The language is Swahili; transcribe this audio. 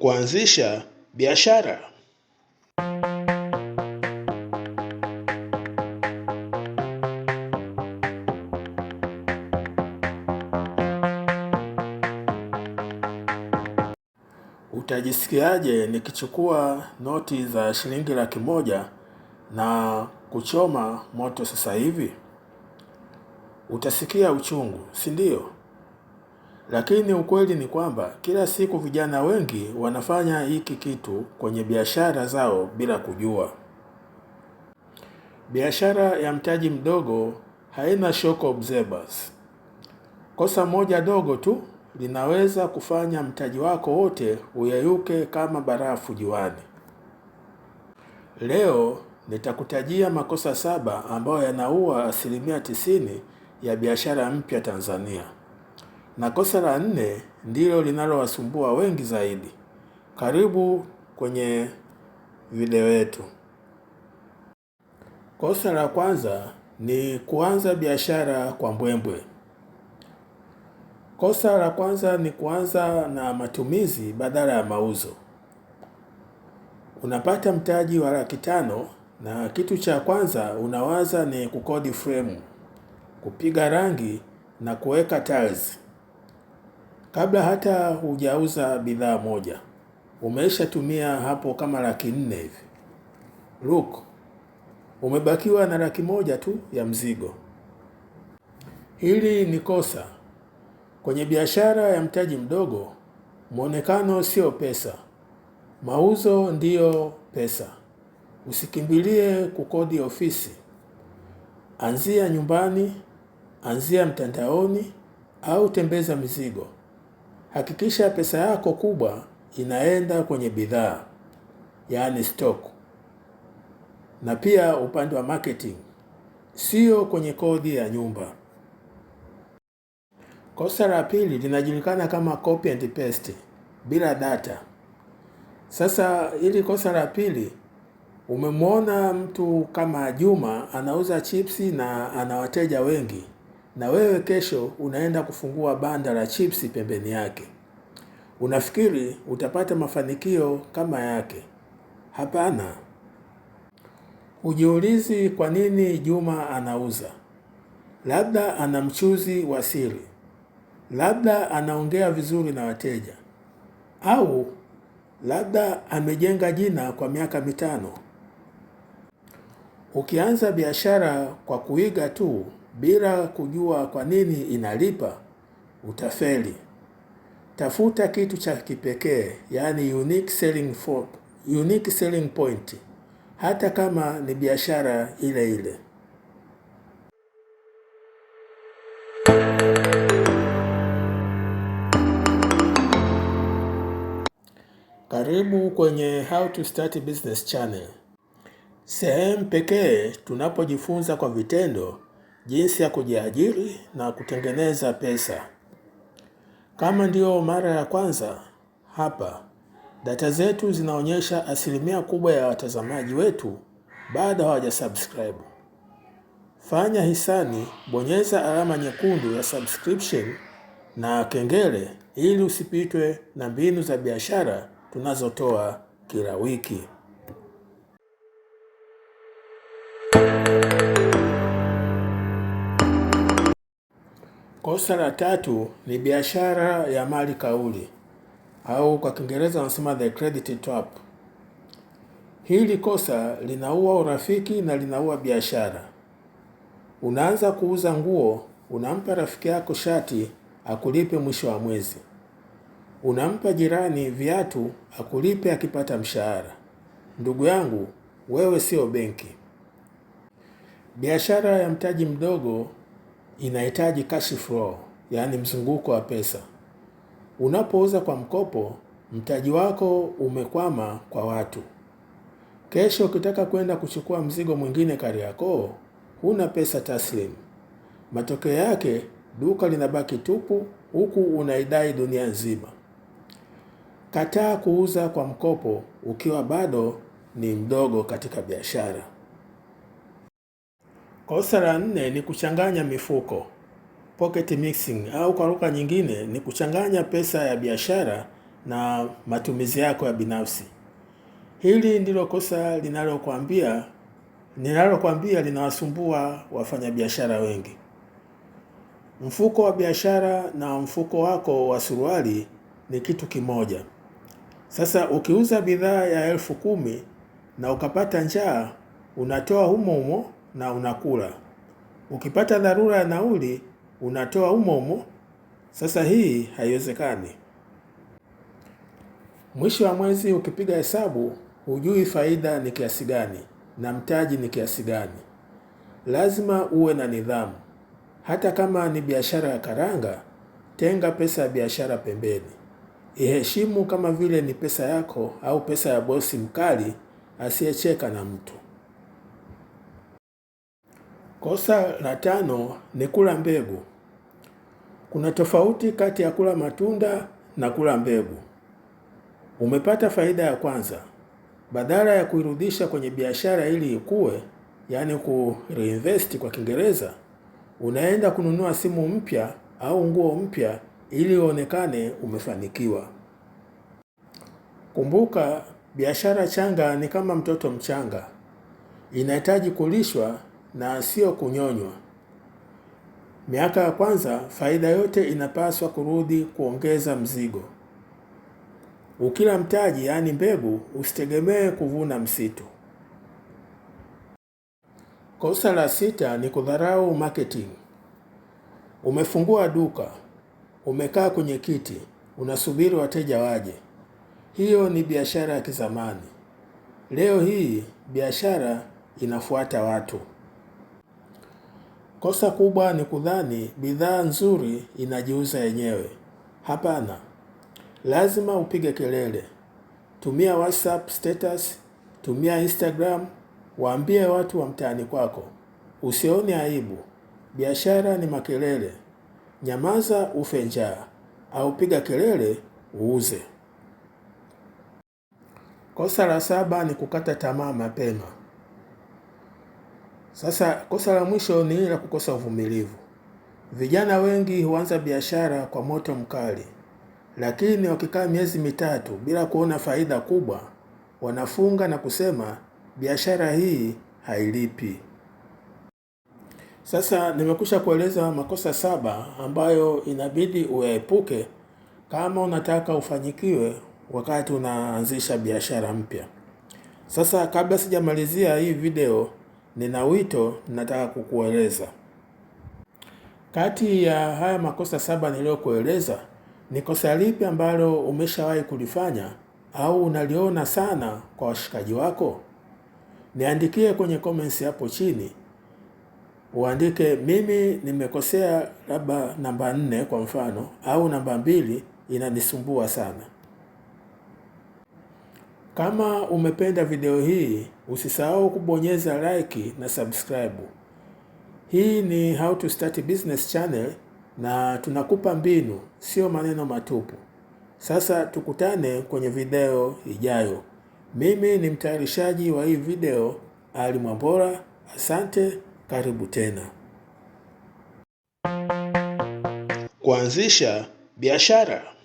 Kuanzisha biashara. Utajisikiaje nikichukua noti za shilingi laki moja na kuchoma moto sasa hivi? Utasikia uchungu, si ndio? Lakini ukweli ni kwamba kila siku vijana wengi wanafanya hiki kitu kwenye biashara zao bila kujua. Biashara ya mtaji mdogo haina shock absorbers. Kosa moja dogo tu linaweza kufanya mtaji wako wote uyayuke kama barafu juani. Leo nitakutajia makosa saba ambayo yanaua asilimia tisini ya biashara mpya Tanzania. Na kosa la nne ndilo linalowasumbua wengi zaidi. Karibu kwenye video yetu. Kosa la kwanza ni kuanza biashara kwa mbwembwe. Kosa la kwanza ni kuanza na matumizi badala ya mauzo. Unapata mtaji wa laki tano na kitu cha kwanza unawaza ni kukodi fremu, kupiga rangi na kuweka tiles kabla hata hujauza bidhaa moja umeshatumia hapo kama laki nne hivi. Look, umebakiwa na laki moja tu ya mzigo. Hili ni kosa kwenye biashara ya mtaji mdogo. Mwonekano sio pesa, mauzo ndiyo pesa. Usikimbilie kukodi ofisi, anzia nyumbani, anzia mtandaoni au tembeza mizigo hakikisha pesa yako kubwa inaenda kwenye bidhaa, yaani stock, na pia upande wa marketing, sio kwenye kodi ya nyumba. Kosa la pili linajulikana kama copy and paste bila data. Sasa ili kosa la pili, umemwona mtu kama Juma anauza chipsi na ana wateja wengi na wewe kesho unaenda kufungua banda la chipsi pembeni yake, unafikiri utapata mafanikio kama yake? Hapana. Hujiulizi kwa nini Juma anauza? Labda ana mchuzi wa siri, labda anaongea vizuri na wateja, au labda amejenga jina kwa miaka mitano. Ukianza biashara kwa kuiga tu bila kujua kwa nini inalipa, utafeli. Tafuta kitu cha kipekee, yaani unique selling, for, unique selling point, hata kama ni biashara ile ile. Karibu kwenye How to Start Business Channel, sehemu pekee tunapojifunza kwa vitendo jinsi ya kujiajiri na kutengeneza pesa. Kama ndiyo mara ya kwanza hapa, data zetu zinaonyesha asilimia kubwa ya watazamaji wetu bado hawajasubscribe. Fanya hisani, bonyeza alama nyekundu ya subscription na kengele ili usipitwe na mbinu za biashara tunazotoa kila wiki. Kosa la tatu ni biashara ya mali kauli au kwa Kiingereza wanasema the credit trap. Hili kosa linaua urafiki na linaua biashara. Unaanza kuuza nguo, unampa rafiki yako shati akulipe mwisho wa mwezi, unampa jirani viatu akulipe akipata mshahara. Ndugu yangu, wewe sio benki. Biashara ya mtaji mdogo inahitaji cash flow, yaani mzunguko wa pesa. Unapouza kwa mkopo, mtaji wako umekwama kwa watu. Kesho ukitaka kwenda kuchukua mzigo mwingine Kariakoo, huna pesa taslim Matokeo yake duka linabaki tupu, huku unaidai dunia nzima. Kataa kuuza kwa mkopo ukiwa bado ni mdogo katika biashara. Kosa la nne ni kuchanganya mifuko pocket mixing, au kwa lugha nyingine ni kuchanganya pesa ya biashara na matumizi yako ya binafsi. Hili ndilo kosa linalokuambia ninalokuambia linawasumbua wafanyabiashara wengi. Mfuko wa biashara na mfuko wako wa suruali ni kitu kimoja. Sasa ukiuza bidhaa ya elfu kumi na ukapata njaa, unatoa humo humo na unakula. Ukipata dharura ya nauli unatoa umo umo. Sasa hii haiwezekani. Mwisho wa mwezi ukipiga hesabu, hujui faida ni kiasi gani na mtaji ni kiasi gani. Lazima uwe na nidhamu. Hata kama ni biashara ya karanga, tenga pesa ya biashara pembeni. Iheshimu kama vile ni pesa yako au pesa ya bosi mkali asiyecheka na mtu. Kosa la tano ni kula mbegu. Kuna tofauti kati ya kula matunda na kula mbegu. Umepata faida ya kwanza, badala ya kuirudisha kwenye biashara ili ikue, yaani ku reinvest kwa Kiingereza, unaenda kununua simu mpya au nguo mpya ili uonekane umefanikiwa. Kumbuka, biashara changa ni kama mtoto mchanga, inahitaji kulishwa na sio kunyonywa. Miaka ya kwanza faida yote inapaswa kurudi kuongeza mzigo. Ukila mtaji, yaani mbegu, usitegemee kuvuna msitu. Kosa la sita ni kudharau marketing. Umefungua duka, umekaa kwenye kiti, unasubiri wateja waje. Hiyo ni biashara ya kizamani. Leo hii biashara inafuata watu. Kosa kubwa ni kudhani bidhaa nzuri inajiuza yenyewe. Hapana, lazima upige kelele. Tumia WhatsApp status, tumia Instagram, waambie watu wa mtaani kwako. Usione aibu. Biashara ni makelele. Nyamaza ufe njaa, au piga kelele uuze. Kosa la saba ni kukata tamaa mapema. Sasa kosa la mwisho ni la kukosa uvumilivu. Vijana wengi huanza biashara kwa moto mkali, lakini wakikaa miezi mitatu bila kuona faida kubwa, wanafunga na kusema biashara hii hailipi. Sasa nimekusha kueleza makosa saba ambayo inabidi uyaepuke kama unataka ufanyikiwe wakati unaanzisha biashara mpya. Sasa kabla sijamalizia hii video nina wito nataka kukueleza. Kati ya haya makosa saba niliyokueleza, ni kosa lipi ambalo umeshawahi kulifanya au unaliona sana kwa washikaji wako? Niandikie kwenye comments hapo chini, uandike mimi nimekosea labda namba nne kwa mfano, au namba mbili inanisumbua sana. Kama umependa video hii, usisahau kubonyeza like na subscribe. Hii ni How to Start Business Channel na tunakupa mbinu, sio maneno matupu. Sasa tukutane kwenye video ijayo. Mimi ni mtayarishaji wa hii video Ali Mwambola. Asante, karibu tena. Kuanzisha biashara